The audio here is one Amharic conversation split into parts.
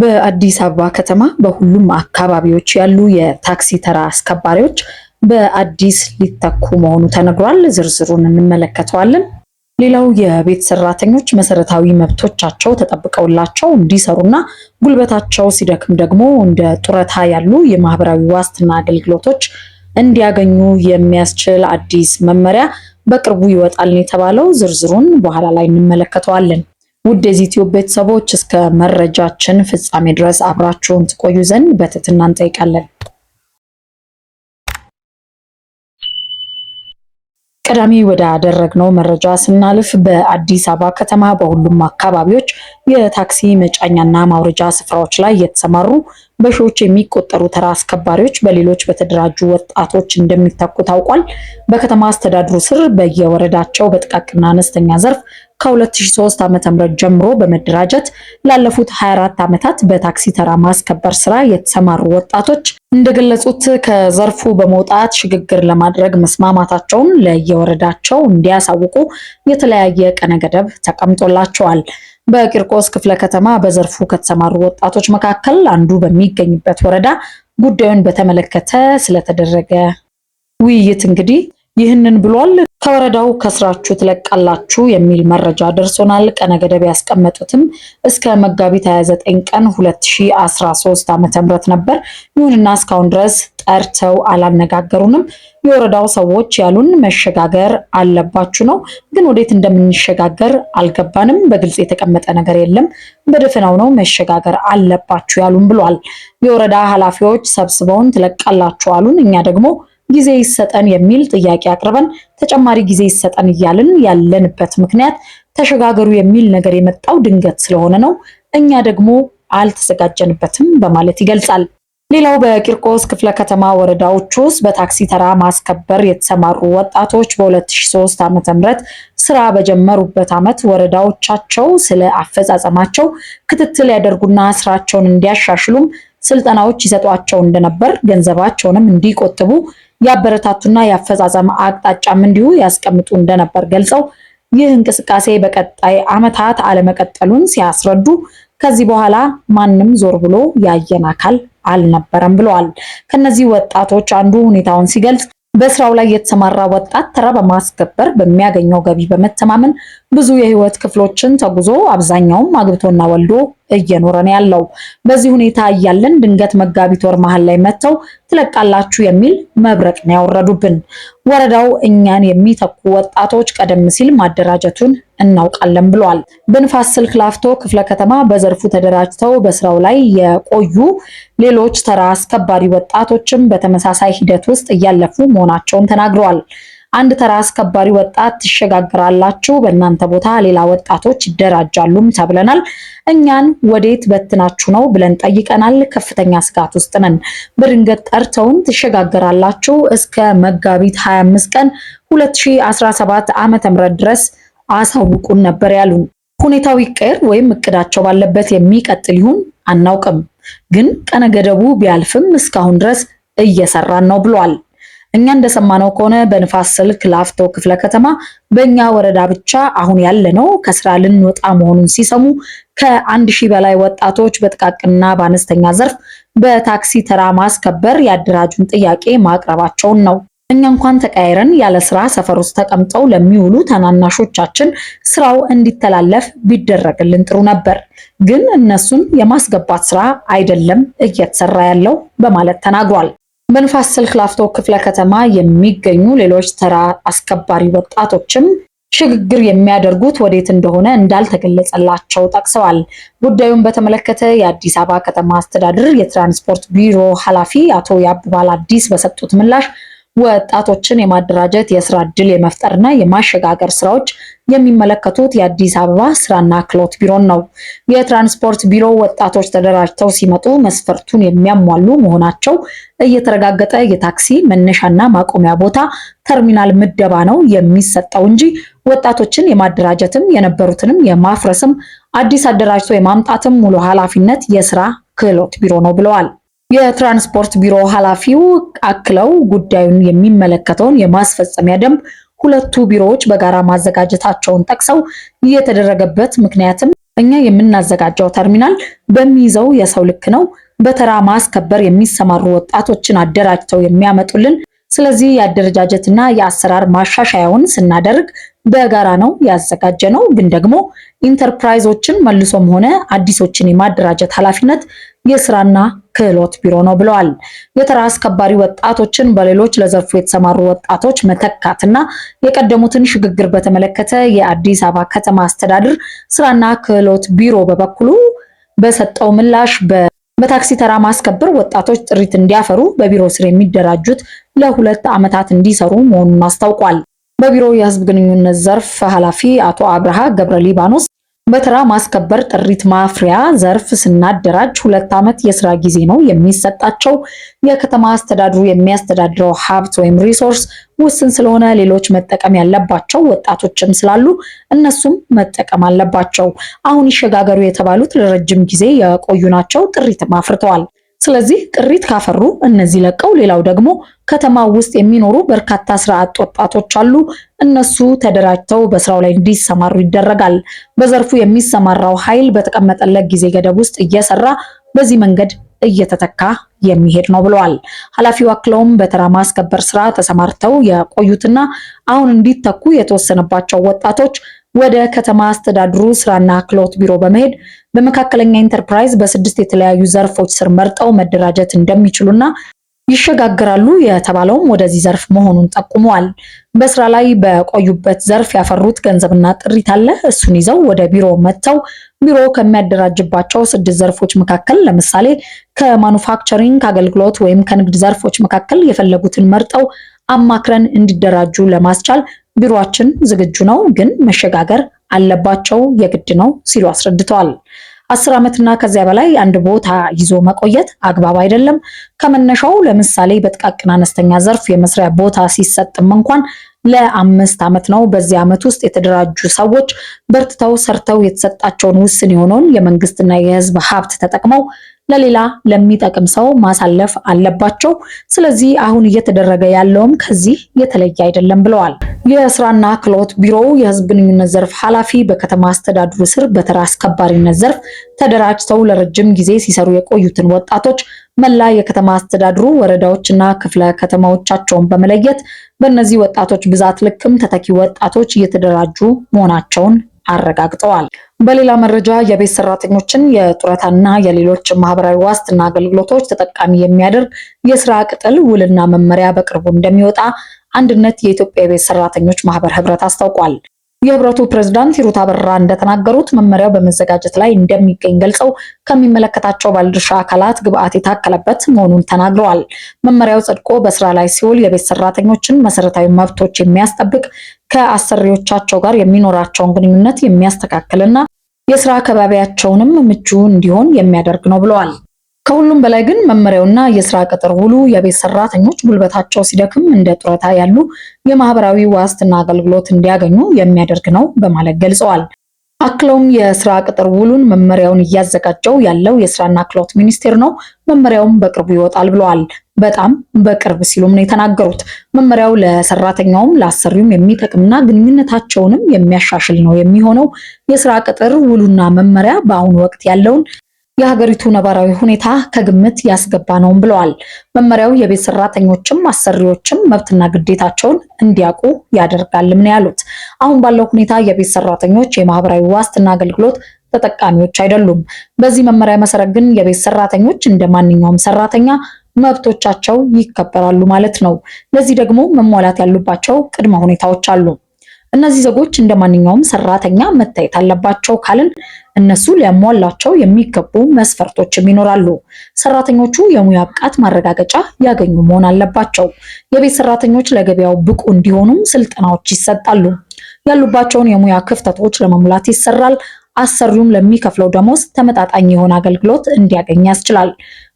በአዲስ አበባ ከተማ በሁሉም አካባቢዎች ያሉ የታክሲ ተራ አስከባሪዎች በአዲስ ሊተኩ መሆኑ ተነግሯል። ዝርዝሩን እንመለከተዋለን። ሌላው የቤት ሰራተኞች መሰረታዊ መብቶቻቸው ተጠብቀውላቸው እንዲሰሩና ጉልበታቸው ሲደክም ደግሞ እንደ ጡረታ ያሉ የማህበራዊ ዋስትና አገልግሎቶች እንዲያገኙ የሚያስችል አዲስ መመሪያ በቅርቡ ይወጣል የተባለው፣ ዝርዝሩን በኋላ ላይ እንመለከተዋለን። ውድ የኢትዮ ቤተሰቦች እስከ መረጃችን ፍጻሜ ድረስ አብራችሁን ትቆዩ ዘንድ በትህትና እንጠይቃለን። ቀዳሚ ወደ መረጃ ስናልፍ በአዲስ አበባ ከተማ በሁሉም አካባቢዎች የታክሲ መጫኛና ማውረጃ ስፍራዎች ላይ የተሰማሩ በሺዎች የሚቆጠሩ ተራ አስከባሪዎች በሌሎች በተደራጁ ወጣቶች እንደሚተኩ ታውቋል። በከተማ አስተዳድሩ ስር በየወረዳቸው በጥቃቅና አነስተኛ ዘርፍ ከ2003 ዓ.ም ጀምሮ በመደራጀት ላለፉት 24 ዓመታት በታክሲ ተራ ማስከበር ስራ የተሰማሩ ወጣቶች እንደገለጹት ከዘርፉ በመውጣት ሽግግር ለማድረግ መስማማታቸውን ለየወረዳቸው እንዲያሳውቁ የተለያየ ቀነ ገደብ ተቀምጦላቸዋል። በቂርቆስ ክፍለ ከተማ በዘርፉ ከተሰማሩ ወጣቶች መካከል አንዱ በሚገኝበት ወረዳ ጉዳዩን በተመለከተ ስለተደረገ ውይይት እንግዲህ ይህንን ብሏል። ከወረዳው ከስራችሁ ትለቃላችሁ የሚል መረጃ ደርሶናል። ቀነ ገደብ ያስቀመጡትም እስከ መጋቢት 29 ቀን 2013 ዓ.ም ነበር። ይሁንና እስካሁን ድረስ ጠርተው አላነጋገሩንም። የወረዳው ሰዎች ያሉን መሸጋገር አለባችሁ ነው፣ ግን ወዴት እንደምንሸጋገር አልገባንም። በግልጽ የተቀመጠ ነገር የለም፣ በደፈናው ነው መሸጋገር አለባችሁ ያሉን ብሏል። የወረዳ ኃላፊዎች ሰብስበውን ትለቃላችሁ አሉን። እኛ ደግሞ ጊዜ ይሰጠን የሚል ጥያቄ አቅርበን ተጨማሪ ጊዜ ይሰጠን እያልን ያለንበት ምክንያት ተሸጋገሩ የሚል ነገር የመጣው ድንገት ስለሆነ ነው። እኛ ደግሞ አልተዘጋጀንበትም በማለት ይገልጻል። ሌላው በቂርቆስ ክፍለ ከተማ ወረዳዎች ውስጥ በታክሲ ተራ ማስከበር የተሰማሩ ወጣቶች በ2003 ዓ.ም ስራ በጀመሩበት ዓመት ወረዳዎቻቸው ስለ አፈጻጸማቸው ክትትል ያደርጉና ስራቸውን እንዲያሻሽሉም ስልጠናዎች ይሰጧቸው እንደነበር ገንዘባቸውንም እንዲቆጥቡ ያበረታቱና የአፈጻጸም አቅጣጫም እንዲሁ ያስቀምጡ እንደነበር ገልጸው ይህ እንቅስቃሴ በቀጣይ ዓመታት አለመቀጠሉን ሲያስረዱ ከዚህ በኋላ ማንም ዞር ብሎ ያየን አካል አልነበረም ብለዋል። ከነዚህ ወጣቶች አንዱ ሁኔታውን ሲገልጽ በስራው ላይ የተሰማራ ወጣት ተራ በማስከበር በሚያገኘው ገቢ በመተማመን ብዙ የህይወት ክፍሎችን ተጉዞ አብዛኛውም አግብቶና ወልዶ እየኖረ ነው ያለው። በዚህ ሁኔታ እያለን ድንገት መጋቢት ወር መሀል ላይ መጥተው ትለቃላችሁ የሚል መብረቅ ነው ያወረዱብን። ወረዳው እኛን የሚተኩ ወጣቶች ቀደም ሲል ማደራጀቱን እናውቃለን ብሏል። በንፋስ ስልክ ላፍቶ ክፍለ ከተማ በዘርፉ ተደራጅተው በስራው ላይ የቆዩ ሌሎች ተራ አስከባሪ ወጣቶችም በተመሳሳይ ሂደት ውስጥ እያለፉ መሆናቸውን ተናግረዋል። አንድ ተራ አስከባሪ ወጣት ትሸጋግራላችሁ፣ በእናንተ ቦታ ሌላ ወጣቶች ይደራጃሉም ተብለናል። እኛን ወዴት በትናችሁ ነው ብለን ጠይቀናል። ከፍተኛ ስጋት ውስጥ ነን። በድንገት ጠርተውን ትሸጋግራላችሁ እስከ መጋቢት 25 ቀን 2017 ዓመተ ምህረት ድረስ አሳውቁን ነበር ያሉን። ሁኔታው ይቀየር ወይም እቅዳቸው ባለበት የሚቀጥል ይሁን አናውቅም፣ ግን ቀነ ገደቡ ቢያልፍም እስካሁን ድረስ እየሰራን ነው ብሏል። እኛ እንደሰማነው ከሆነ በንፋስ ስልክ ላፍቶ ክፍለ ከተማ በእኛ ወረዳ ብቻ አሁን ያለ ነው። ከስራ ልንወጣ መሆኑን ሲሰሙ ከአንድ ሺህ በላይ ወጣቶች በጥቃቅንና በአነስተኛ ዘርፍ በታክሲ ተራ ማስከበር የአደራጁን ጥያቄ ማቅረባቸውን ነው። እኛ እንኳን ተቀያይረን ያለ ስራ ሰፈር ውስጥ ተቀምጠው ለሚውሉ ተናናሾቻችን ስራው እንዲተላለፍ ቢደረግልን ጥሩ ነበር፣ ግን እነሱን የማስገባት ስራ አይደለም እየተሰራ ያለው በማለት ተናግሯል። በንፋስ ስልክ ላፍቶ ክፍለ ከተማ የሚገኙ ሌሎች ተራ አስከባሪ ወጣቶችም ሽግግር የሚያደርጉት ወዴት እንደሆነ እንዳልተገለጸላቸው ጠቅሰዋል። ጉዳዩን በተመለከተ የአዲስ አበባ ከተማ አስተዳደር የትራንስፖርት ቢሮ ኃላፊ አቶ ያብባል አዲስ በሰጡት ምላሽ ወጣቶችን የማደራጀት የስራ ዕድል የመፍጠርና የማሸጋገር ስራዎች የሚመለከቱት የአዲስ አበባ ስራና ክህሎት ቢሮን ነው። የትራንስፖርት ቢሮ ወጣቶች ተደራጅተው ሲመጡ መስፈርቱን የሚያሟሉ መሆናቸው እየተረጋገጠ የታክሲ መነሻና ማቆሚያ ቦታ ተርሚናል ምደባ ነው የሚሰጠው እንጂ ወጣቶችን የማደራጀትም የነበሩትንም የማፍረስም አዲስ አደራጅቶ የማምጣትም ሙሉ ኃላፊነት የስራ ክህሎት ቢሮ ነው ብለዋል። የትራንስፖርት ቢሮ ኃላፊው አክለው ጉዳዩን የሚመለከተውን የማስፈጸሚያ ደንብ ሁለቱ ቢሮዎች በጋራ ማዘጋጀታቸውን ጠቅሰው የተደረገበት ምክንያትም እኛ የምናዘጋጀው ተርሚናል በሚይዘው የሰው ልክ ነው። በተራ ማስከበር የሚሰማሩ ወጣቶችን አደራጅተው የሚያመጡልን። ስለዚህ የአደረጃጀትና የአሰራር ማሻሻያውን ስናደርግ በጋራ ነው ያዘጋጀ ነው። ግን ደግሞ ኢንተርፕራይዞችን መልሶም ሆነ አዲሶችን የማደራጀት ኃላፊነት የስራና ክህሎት ቢሮ ነው ብለዋል። የተራ አስከባሪ ወጣቶችን በሌሎች ለዘርፉ የተሰማሩ ወጣቶች መተካትና የቀደሙትን ሽግግር በተመለከተ የአዲስ አበባ ከተማ አስተዳደር ስራና ክህሎት ቢሮ በበኩሉ በሰጠው ምላሽ በታክሲ ተራ ማስከበር ወጣቶች ጥሪት እንዲያፈሩ በቢሮ ስር የሚደራጁት ለሁለት ዓመታት እንዲሰሩ መሆኑን አስታውቋል። በቢሮው የህዝብ ግንኙነት ዘርፍ ኃላፊ አቶ አብርሃ ገብረ ሊባኖስ በተራ ማስከበር ጥሪት ማፍሪያ ዘርፍ ስናደራጅ ሁለት ዓመት የስራ ጊዜ ነው የሚሰጣቸው። የከተማ አስተዳድሩ የሚያስተዳድረው ሀብት ወይም ሪሶርስ ውስን ስለሆነ ሌሎች መጠቀም ያለባቸው ወጣቶችም ስላሉ እነሱም መጠቀም አለባቸው። አሁን ይሸጋገሩ የተባሉት ለረጅም ጊዜ የቆዩ ናቸው። ጥሪትም አፍርተዋል። ስለዚህ ጥሪት ካፈሩ እነዚህ ለቀው፣ ሌላው ደግሞ ከተማ ውስጥ የሚኖሩ በርካታ ስራ አጥ ወጣቶች አሉ። እነሱ ተደራጅተው በስራው ላይ እንዲሰማሩ ይደረጋል። በዘርፉ የሚሰማራው ኃይል በተቀመጠለት ጊዜ ገደብ ውስጥ እየሰራ በዚህ መንገድ እየተተካ የሚሄድ ነው ብለዋል ኃላፊው። አክለውም በተራ ማስከበር ስራ ተሰማርተው የቆዩትና አሁን እንዲተኩ የተወሰነባቸው ወጣቶች ወደ ከተማ አስተዳድሩ ስራና ክህሎት ቢሮ በመሄድ በመካከለኛ ኢንተርፕራይዝ በስድስት የተለያዩ ዘርፎች ስር መርጠው መደራጀት እንደሚችሉና ይሸጋግራሉ የተባለውም ወደዚህ ዘርፍ መሆኑን ጠቁመዋል። በስራ ላይ በቆዩበት ዘርፍ ያፈሩት ገንዘብና ጥሪት አለ። እሱን ይዘው ወደ ቢሮ መጥተው ቢሮ ከሚያደራጅባቸው ስድስት ዘርፎች መካከል ለምሳሌ ከማኑፋክቸሪንግ ከአገልግሎት ወይም ከንግድ ዘርፎች መካከል የፈለጉትን መርጠው አማክረን እንዲደራጁ ለማስቻል ቢሮችን ዝግጁ ነው፣ ግን መሸጋገር አለባቸው የግድ ነው ሲሉ አስረድተዋል። አስር ዓመትና ከዚያ በላይ አንድ ቦታ ይዞ መቆየት አግባብ አይደለም። ከመነሻው ለምሳሌ በጥቃቅን አነስተኛ ዘርፍ የመስሪያ ቦታ ሲሰጥም እንኳን ለአምስት ዓመት ነው። በዚህ ዓመት ውስጥ የተደራጁ ሰዎች በርትተው ሰርተው የተሰጣቸውን ውስን የሆነውን የመንግስትና የሕዝብ ሀብት ተጠቅመው ለሌላ ለሚጠቅም ሰው ማሳለፍ አለባቸው። ስለዚህ አሁን እየተደረገ ያለውም ከዚህ የተለየ አይደለም ብለዋል። የስራና ክህሎት ቢሮው የህዝብ ግንኙነት ዘርፍ ኃላፊ በከተማ አስተዳደሩ ስር በተራ አስከባሪነት ዘርፍ ተደራጅተው ለረጅም ጊዜ ሲሰሩ የቆዩትን ወጣቶች መላ የከተማ አስተዳድሩ ወረዳዎችና ክፍለ ከተማዎቻቸውን በመለየት በእነዚህ ወጣቶች ብዛት ልክም ተተኪ ወጣቶች እየተደራጁ መሆናቸውን አረጋግጠዋል። በሌላ መረጃ የቤት ሰራተኞችን የጡረታና የሌሎች ማህበራዊ ዋስትና አገልግሎቶች ተጠቃሚ የሚያደርግ የስራ ቅጥል ውልና መመሪያ በቅርቡ እንደሚወጣ አንድነት የኢትዮጵያ የቤት ሰራተኞች ማህበር ህብረት አስታውቋል። የህብረቱ ፕሬዝዳንት ሂሩት አበራ እንደተናገሩት መመሪያው በመዘጋጀት ላይ እንደሚገኝ ገልጸው ከሚመለከታቸው ባለድርሻ አካላት ግብአት የታከለበት መሆኑን ተናግረዋል። መመሪያው ጸድቆ በስራ ላይ ሲውል የቤት ሰራተኞችን መሰረታዊ መብቶች የሚያስጠብቅ ከአሰሪዎቻቸው ጋር የሚኖራቸውን ግንኙነት የሚያስተካክልና የስራ አካባቢያቸውንም ምቹ እንዲሆን የሚያደርግ ነው ብለዋል። ከሁሉም በላይ ግን መመሪያውና የስራ ቅጥር ውሉ የቤት ሰራተኞች ጉልበታቸው ሲደክም እንደ ጡረታ ያሉ የማህበራዊ ዋስትና አገልግሎት እንዲያገኙ የሚያደርግ ነው በማለት ገልጸዋል። አክለውም የስራ ቅጥር ውሉን መመሪያውን እያዘጋጀው ያለው የስራና ክህሎት ሚኒስቴር ነው፣ መመሪያውም በቅርቡ ይወጣል ብለዋል። በጣም በቅርብ ሲሉም ነው የተናገሩት። መመሪያው ለሰራተኛውም ለአሰሪውም የሚጠቅምና ግንኙነታቸውንም የሚያሻሽል ነው የሚሆነው። የስራ ቅጥር ውሉና መመሪያ በአሁኑ ወቅት ያለውን የሀገሪቱ ነባራዊ ሁኔታ ከግምት ያስገባ ነውም ብለዋል። መመሪያው የቤት ሰራተኞችም አሰሪዎችም መብትና ግዴታቸውን እንዲያውቁ ያደርጋልም ነው ያሉት። አሁን ባለው ሁኔታ የቤት ሰራተኞች የማህበራዊ ዋስትና አገልግሎት ተጠቃሚዎች አይደሉም። በዚህ መመሪያ መሰረት ግን የቤት ሰራተኞች እንደ ማንኛውም ሰራተኛ መብቶቻቸው ይከበራሉ ማለት ነው። ለዚህ ደግሞ መሟላት ያሉባቸው ቅድመ ሁኔታዎች አሉ። እነዚህ ዜጎች እንደ ማንኛውም ሰራተኛ መታየት አለባቸው ካልን እነሱ ሊያሟላቸው የሚገቡ መስፈርቶችም ይኖራሉ። ሰራተኞቹ የሙያ ብቃት ማረጋገጫ ያገኙ መሆን አለባቸው። የቤት ሰራተኞች ለገበያው ብቁ እንዲሆኑም ስልጠናዎች ይሰጣሉ። ያሉባቸውን የሙያ ክፍተቶች ለመሙላት ይሰራል። አሰሪውም ለሚከፍለው ደሞዝ ተመጣጣኝ የሆነ አገልግሎት እንዲያገኝ ያስችላል።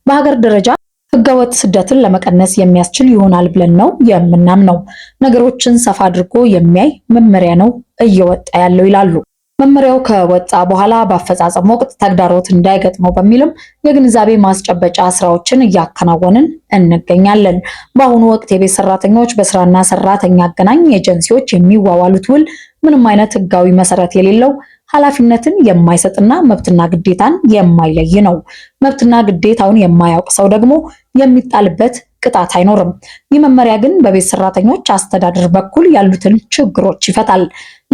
በሀገር ደረጃ ህገወጥ ስደትን ለመቀነስ የሚያስችል ይሆናል ብለን ነው የምናምነው። ነገሮችን ሰፋ አድርጎ የሚያይ መመሪያ ነው እየወጣ ያለው ይላሉ። መመሪያው ከወጣ በኋላ በአፈጻጸም ወቅት ተግዳሮት እንዳይገጥመው በሚልም የግንዛቤ ማስጨበጫ ስራዎችን እያከናወንን እንገኛለን። በአሁኑ ወቅት የቤት ሰራተኞች በስራና ሰራተኛ አገናኝ ኤጀንሲዎች የሚዋዋሉት ውል ምንም አይነት ህጋዊ መሰረት የሌለው ኃላፊነትን የማይሰጥና መብትና ግዴታን የማይለይ ነው። መብትና ግዴታውን የማያውቅ ሰው ደግሞ የሚጣልበት ቅጣት አይኖርም። ይህ መመሪያ ግን በቤት ሰራተኞች አስተዳደር በኩል ያሉትን ችግሮች ይፈታል።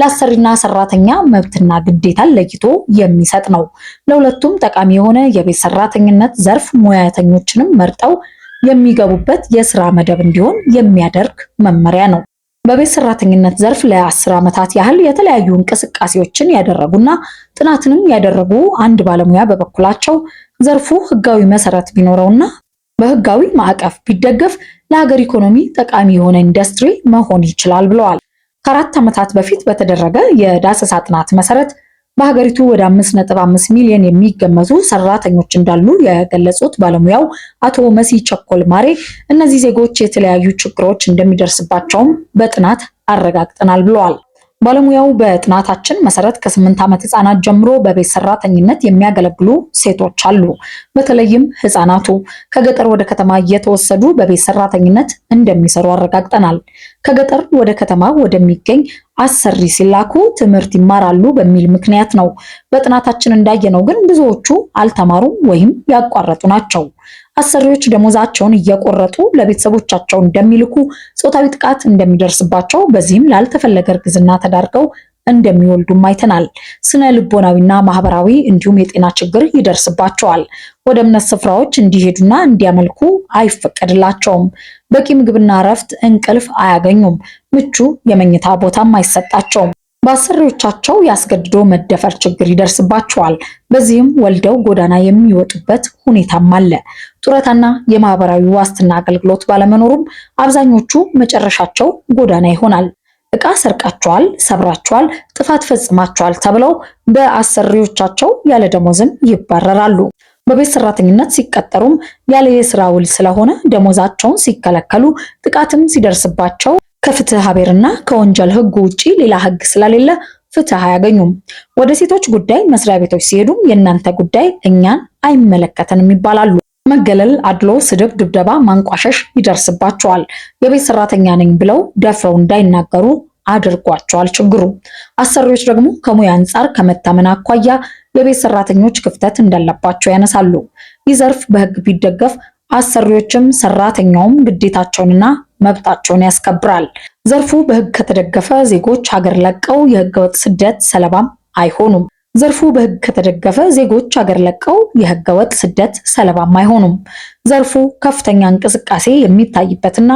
ለአሰሪና ሰራተኛ መብትና ግዴታን ለይቶ የሚሰጥ ነው። ለሁለቱም ጠቃሚ የሆነ የቤት ሰራተኝነት ዘርፍ ሙያተኞችንም መርጠው የሚገቡበት የስራ መደብ እንዲሆን የሚያደርግ መመሪያ ነው። በቤት ሰራተኝነት ዘርፍ ለአስር ዓመታት ያህል የተለያዩ እንቅስቃሴዎችን ያደረጉና ጥናትንም ያደረጉ አንድ ባለሙያ በበኩላቸው ዘርፉ ህጋዊ መሰረት ቢኖረውና በህጋዊ ማዕቀፍ ቢደገፍ ለሀገር ኢኮኖሚ ጠቃሚ የሆነ ኢንዱስትሪ መሆን ይችላል ብለዋል። ከአራት ዓመታት በፊት በተደረገ የዳሰሳ ጥናት መሰረት በሀገሪቱ ወደ 5.5 ሚሊዮን የሚገመቱ ሰራተኞች እንዳሉ የገለጹት ባለሙያው አቶ መሲ ቸኮል ማሬ እነዚህ ዜጎች የተለያዩ ችግሮች እንደሚደርስባቸውም በጥናት አረጋግጠናል ብለዋል። ባለሙያው በጥናታችን መሰረት ከስምንት ዓመት ህጻናት ጀምሮ በቤት ሰራተኝነት የሚያገለግሉ ሴቶች አሉ። በተለይም ህጻናቱ ከገጠር ወደ ከተማ እየተወሰዱ በቤት ሰራተኝነት እንደሚሰሩ አረጋግጠናል። ከገጠር ወደ ከተማ ወደሚገኝ አሰሪ ሲላኩ ትምህርት ይማራሉ በሚል ምክንያት ነው። በጥናታችን እንዳየነው ግን ብዙዎቹ አልተማሩም ወይም ያቋረጡ ናቸው። አሰሪዎች ደሞዛቸውን እየቆረጡ ለቤተሰቦቻቸው እንደሚልኩ፣ ጾታዊ ጥቃት እንደሚደርስባቸው፣ በዚህም ላልተፈለገ እርግዝና ተዳርገው እንደሚወልዱም አይተናል። ስነ ልቦናዊና ማህበራዊ እንዲሁም የጤና ችግር ይደርስባቸዋል። ወደ እምነት ስፍራዎች እንዲሄዱና እንዲያመልኩ አይፈቀድላቸውም። በቂ ምግብና እረፍት፣ እንቅልፍ አያገኙም። ምቹ የመኝታ ቦታም አይሰጣቸውም። በአሰሪዎቻቸው ያስገድዶ መደፈር ችግር ይደርስባቸዋል። በዚህም ወልደው ጎዳና የሚወጡበት ሁኔታም አለ። ጡረታና የማህበራዊ ዋስትና አገልግሎት ባለመኖሩም አብዛኞቹ መጨረሻቸው ጎዳና ይሆናል። እቃ ሰርቃቸዋል፣ ሰብራቸዋል፣ ጥፋት ፈጽማቸዋል ተብለው በአሰሪዎቻቸው ያለ ደሞዝም ይባረራሉ። በቤት ሰራተኝነት ሲቀጠሩም ያለ የስራ ውል ስለሆነ ደሞዛቸውን ሲከለከሉ ጥቃትም ሲደርስባቸው ከፍትህ ሀቤርና ከወንጀል ህግ ውጪ ሌላ ህግ ስለሌለ ፍትህ አያገኙም። ወደ ሴቶች ጉዳይ መስሪያ ቤቶች ሲሄዱም የእናንተ ጉዳይ እኛን አይመለከተንም ይባላሉ። መገለል፣ አድሎ፣ ስድብ፣ ድብደባ፣ ማንቋሸሽ ይደርስባቸዋል። የቤት ሰራተኛ ነኝ ብለው ደፍረው እንዳይናገሩ አድርጓቸዋል። ችግሩ አሰሪዎች ደግሞ ከሙያ አንጻር ከመታመን አኳያ የቤት ሰራተኞች ክፍተት እንዳለባቸው ያነሳሉ። ይህ ዘርፍ በህግ ቢደገፍ አሰሪዎችም ሰራተኛውም ግዴታቸውንና መብታቸውን ያስከብራል። ዘርፉ በህግ ከተደገፈ ዜጎች ሀገር ለቀው የህገወጥ ስደት ሰለባም አይሆኑም። ዘርፉ በህግ ከተደገፈ ዜጎች ሀገር ለቀው የህገወጥ ስደት ሰለባም አይሆኑም። ዘርፉ ከፍተኛ እንቅስቃሴ የሚታይበትና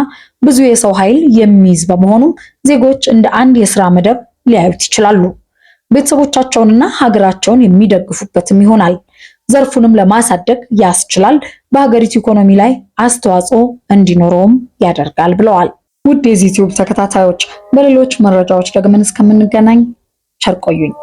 ብዙ የሰው ኃይል የሚይዝ በመሆኑም ዜጎች እንደ አንድ የስራ መደብ ሊያዩት ይችላሉ። ቤተሰቦቻቸውንና ሀገራቸውን የሚደግፉበትም ይሆናል። ዘርፉንም ለማሳደግ ያስችላል፣ በሀገሪቱ ኢኮኖሚ ላይ አስተዋጽኦ እንዲኖረውም ያደርጋል ብለዋል። ውድ የዚህ ዩቲዩብ ተከታታዮች በሌሎች መረጃዎች ደግመን እስከምንገናኝ ቸር ቆዩኝ።